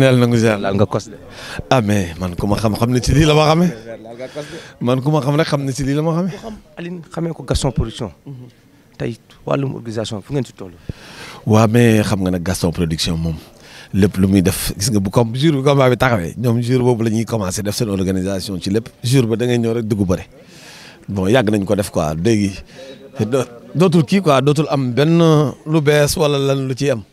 yàlla nangu nga kos de. ah mais man ku ma xam xam ne ci lii la ma xamee. man ku ma xam rek xam ne si lii la ma xamee. Aline xamee ko Gaston production. Mhm. tey wàllum organisation fu ngeen ci toll. waa mais xam nga nag Gaston production moom lépp lu muy def gis nga bu comme jour bi combat bi taxawee ñoom jour boobu la ñuy commencé def seen organisation ci lépp jour ba da ngay ñëw rek dugg bëre bon yàgg nañ ko def quoi léegi dootul kii quoi dootul am benn lu bees wala lan lu ci am.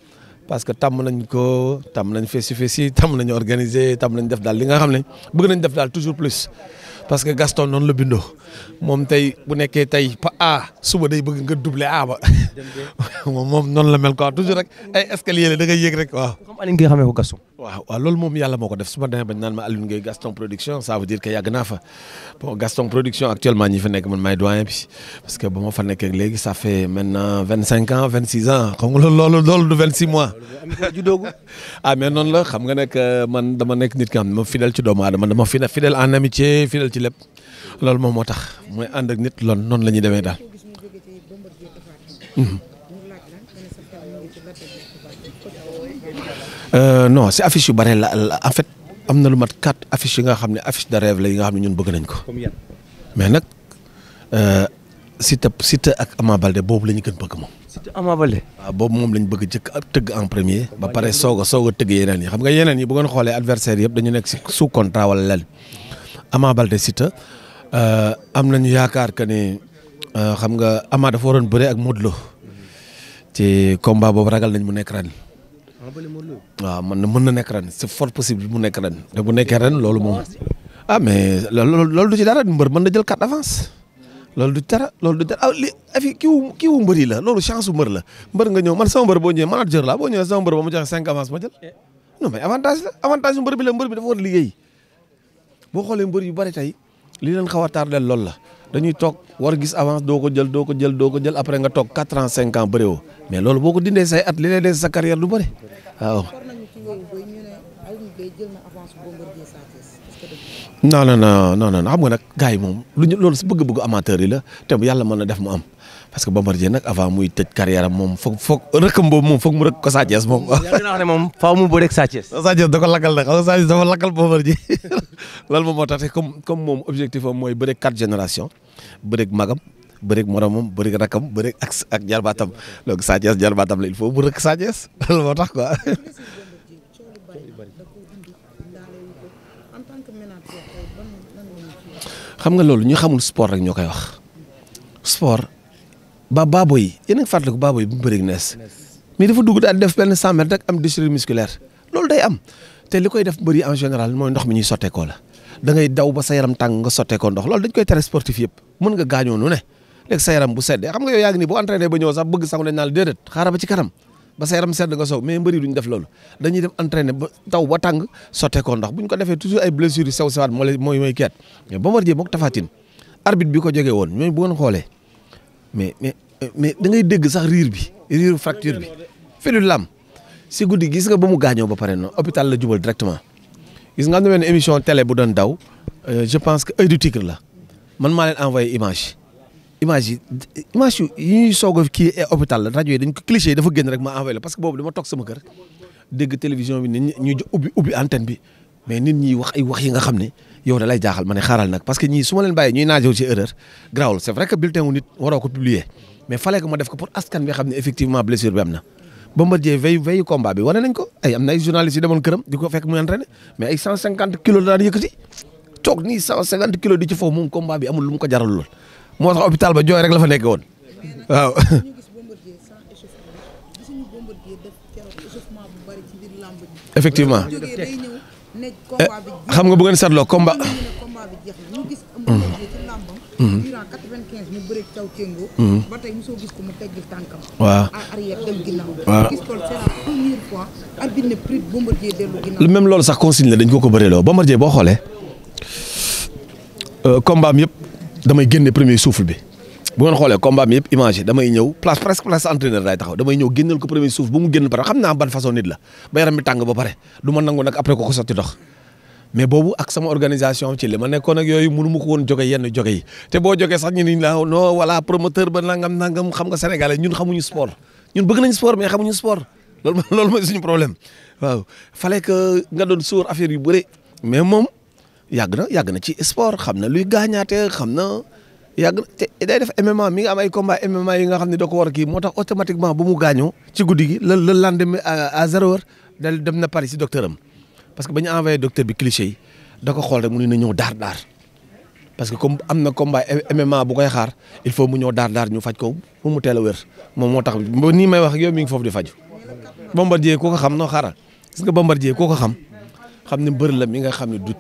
parce que tàmm nañ ko tàmm nañ fessi fessi tàmm nañ organiser tam nañ def daal li nga xam ne bëgg nañ def daal toujours plus parce que Gaston noonu la bindoo moom tey bu nekkee tey pa A suba dey bëgg nga doubler A ba moom moom noonu la mel quoi toujours rek ay escalier la yéeg rek waaw. comme Aline nga waaw waaw loolu moom yàlla moo ko def su ma demee bañ naan ma Alioune Gueye Gaston production ça veut dire que yàgg naa fa bon Gaston production actuellement ñi fa nekk man maay doyen bi parce que ba ma fa nekkee léegi ça fait maintenant vingt cinq ans vingt six ans xam nga loolu loolu du ah, noonu la xam nga nekk man dama nekk nit ki nga xam ne ma fidèle ci doomu aadama dama fidèle en amitié fidèle ci lépp loolu moom moo tax mooy ànd ak nit loolu noonu la ñuy demee daal. Mhm. Euh, non si affiche yu bare la en fait am na lu mat quatre affiches yi nga xam ne affiche de rêve la yi nga xam ne ñun bëgg nañ ko. mais nag euh, Siteu Siteu ak Ama Baldé boobu la ñu gën bëgg moom. Siteu Ama Baldé. waaw boobu moom lañ bëgg jëkk ak tëgg en premier. ba pare soog a tëgg yeneen yi xam nga yeneen yi bu ngeen xoolee adversaire yëpp dañu nekk si sous contrat wala lenn Ama Baldé Siteu euh, am nañu yaakaar que ni xam nga Ama dafa waroon bëre ak Modou Lo ci combat boobu ragal nañ mu nekk ren. waaw ah, man mën na nekk ren c'est fort possible mu nekk ren. te bu nekkee ren loolu moom. ah mais loolu loolu du ci dara mbër mën na jël carte d'avance. loolu du dara loolu du dara ah li afi ah, kii mbër la loolu chance su la mbër nga ñëw man sama mbër boo ñëwee manager la boo ñëwee sama mbër ba mu joxe cinq avance ma jël. non avantage la avantage su mbër bi la mbër bi dafa war boo xoolee mbër yu bari tey li leen xaw a tardel loolu la dañuy toog war gis avance doo ko jël doo ko jël doo ko jël après nga toog quatre ans cinq ans bëri mais loolu boo ko dindee say at li lay dee sa carrière du bëri waaw. revanche Bombardier Sa Thiès est-ce que dëgg non non non non non xam nga nag gars yi moom lu ñu loolu si bëgg-bëggu amateur yi la te yàlla mën na def mu am parce que Bombardier nag avant muy tëj carrière am moom foog foog rëkkam boobu moom foog mu rëkk ko Sa Thiès moom. yàlla na wax ne moom faaw mu bëreeg Sa Thiès. Sa Thiès da ko lakkal nag xam nga Sa Thiès dafa lakkal Bombardier loolu moom moo tax comme comme moom objectif am mooy bëreeg quatre génération bëreeg magam. bëreeg moromam bëreeg rakam bëreeg ak ak jarbaatam donc Sa Thiès jarbaatam la il faut mu rëkk Sa Thiès loolu moo tax quoi. Euh, xam nga loolu ñu xamul sport rek ñoo koy wax sport ba baabo yi yéen a ngi fàttaliku baabo yi bu mu bëri nees dafa dugg daal def benn 100 mètres am déchirure musculaire loolu day am te li koy def mbër en général mooy ndox mi ñuy sotteekoo la da ngay daw ba sa yaram tàng nga sotteekoo ndox loolu dañ koy tere sportif yëpp mën nga gaañoo nu ne léegi sa bu seddee xam nga yow yaa ngi nii boo entraîné ba ñëw sax bëgg sangu dañ naan déedéet xaaral ba ci kanam ba sa yaram sedd nga sow mais mbëri duñ def loolu dañuy dem entraîner ba taw ba tàng sotte ko ndox bu ko defee toujours ay blessures yu sew sewaat moo lay mooy mooy keet mais Bombardier mook Tapha Tine arbitre bi ko jógee woon ñooñu bu xoolee mais mais mais da ngay dégg sax riir bi riiru fracture bi filu lam si guddi gis nga ba mu gaañoo ba pare noonu hôpital la jubal directement gis nga am na benn émission tele bu doon daw euh, je pense que Oeil la man maa leen envoyé image image yi image yu ñuy soog a kii e hôpital la dañ ko cliché dafa génn rek ma envoyé la parce que boobu dama toog sama kër dégg télévision bi nit ñi ñu ubbi ubbi antenne bi mais nit ñi wax yi nga xam ne yow da lay jaaxal ma ne xaaral nag parce que ñii su ma leen bàyyi ñuy naajow ci erreur grawul c'est vrai que bulletin wu nit waroo ko publier mais fallait que def ko pour askan bi xam ne effectivement blessure bi am na Bombardier veille veille combat bi wane nañ ko ay am na ay journalistes yi demoon këram di ko jaral lool moo tax hôpital ba jooy rek la fa nekk woon waaw. effectivement eh, xam nga bu ngeen seetloo komba durant quatre hmm. vingt loolu sax consigne la dañ ko ko bëreloo Bombardier boo xoolee. Euh, combat am damay génne premier souffle bi bu ngeen xoolee combat mi yëpp image damay ñëw place presque place entraîneur laay taxaw damay ñëw génneel ko premier souffle bu mu génn pare xam naa ban façon nit la ba yaram bi tàng ba pare du ma nangu nag après ko ko sotti dox. mais boobu ak sama organisation ci li ma nekkoon ak yooyu mënu ma ko woon joge yenn joge yi te boo jogee sax ñu ne la non voilà promoteur ba nangam nangam xam nga sénégalais ñun xamuñu sport ñun bëgg nañ yu bëre mais moom yàgg na yàgg na ci sport xam na luy gaañaate xam na yàgg te day def MMA mi nga am ay combat MMA yi nga xam ne da ko war a kii moo tax automatiquement bu mu gaañoo ci guddi gi la la lendemain à zéro heure na Paris si am parce que ba ñu envoyé docteur bi cliché yi da ko xool rek mu ne na ñëw daar daar parce que comme am na combat MMA bu koy xaar il faut mu ñëw daar daar ñu faj ko pour mu teel a wér moom moo tax ba nii may wax yow mi ngi foofu di faju Bombardier koo ko xam noo xaaral gis nga Bombardier koo ko xam xam ne mbër la mi nga xam ne du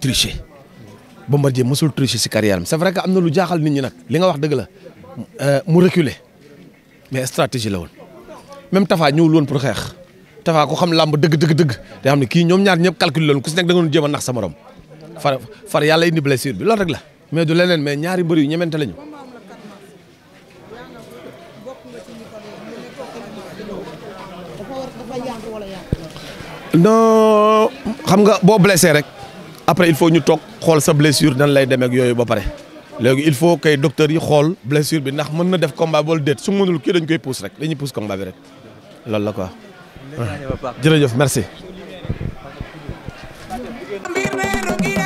Bombardier mosul tricher si carrière am c'est vrai que am na lu jaaxal nit ñi nag li nga wax dëgg la euh, mu reculer mais stratégie la woon même Tafa ñëwul loon pour xeex Tafa ko xam làmb dëgg dëgg dëgg day xam ne kii ñoom ñaar ñëpp calcul loon ku si nekk da nga doon a nax sa morom far far yàlla indi blessure bi loolu rek la mais du leneen mais ñaari mbër yu ñemente lañu. non xam nga boo blessé rek. après il faut ñu toog xool sa blessure nan lay demee ak yooyu ba pare léegi il faut kay docteur yi xool blessure bi ndax mën na def combat wala déet su mënul kii dañ koy pousse rek dañuy pousse combat bi rek loolu la quoi. jërëjëf merci.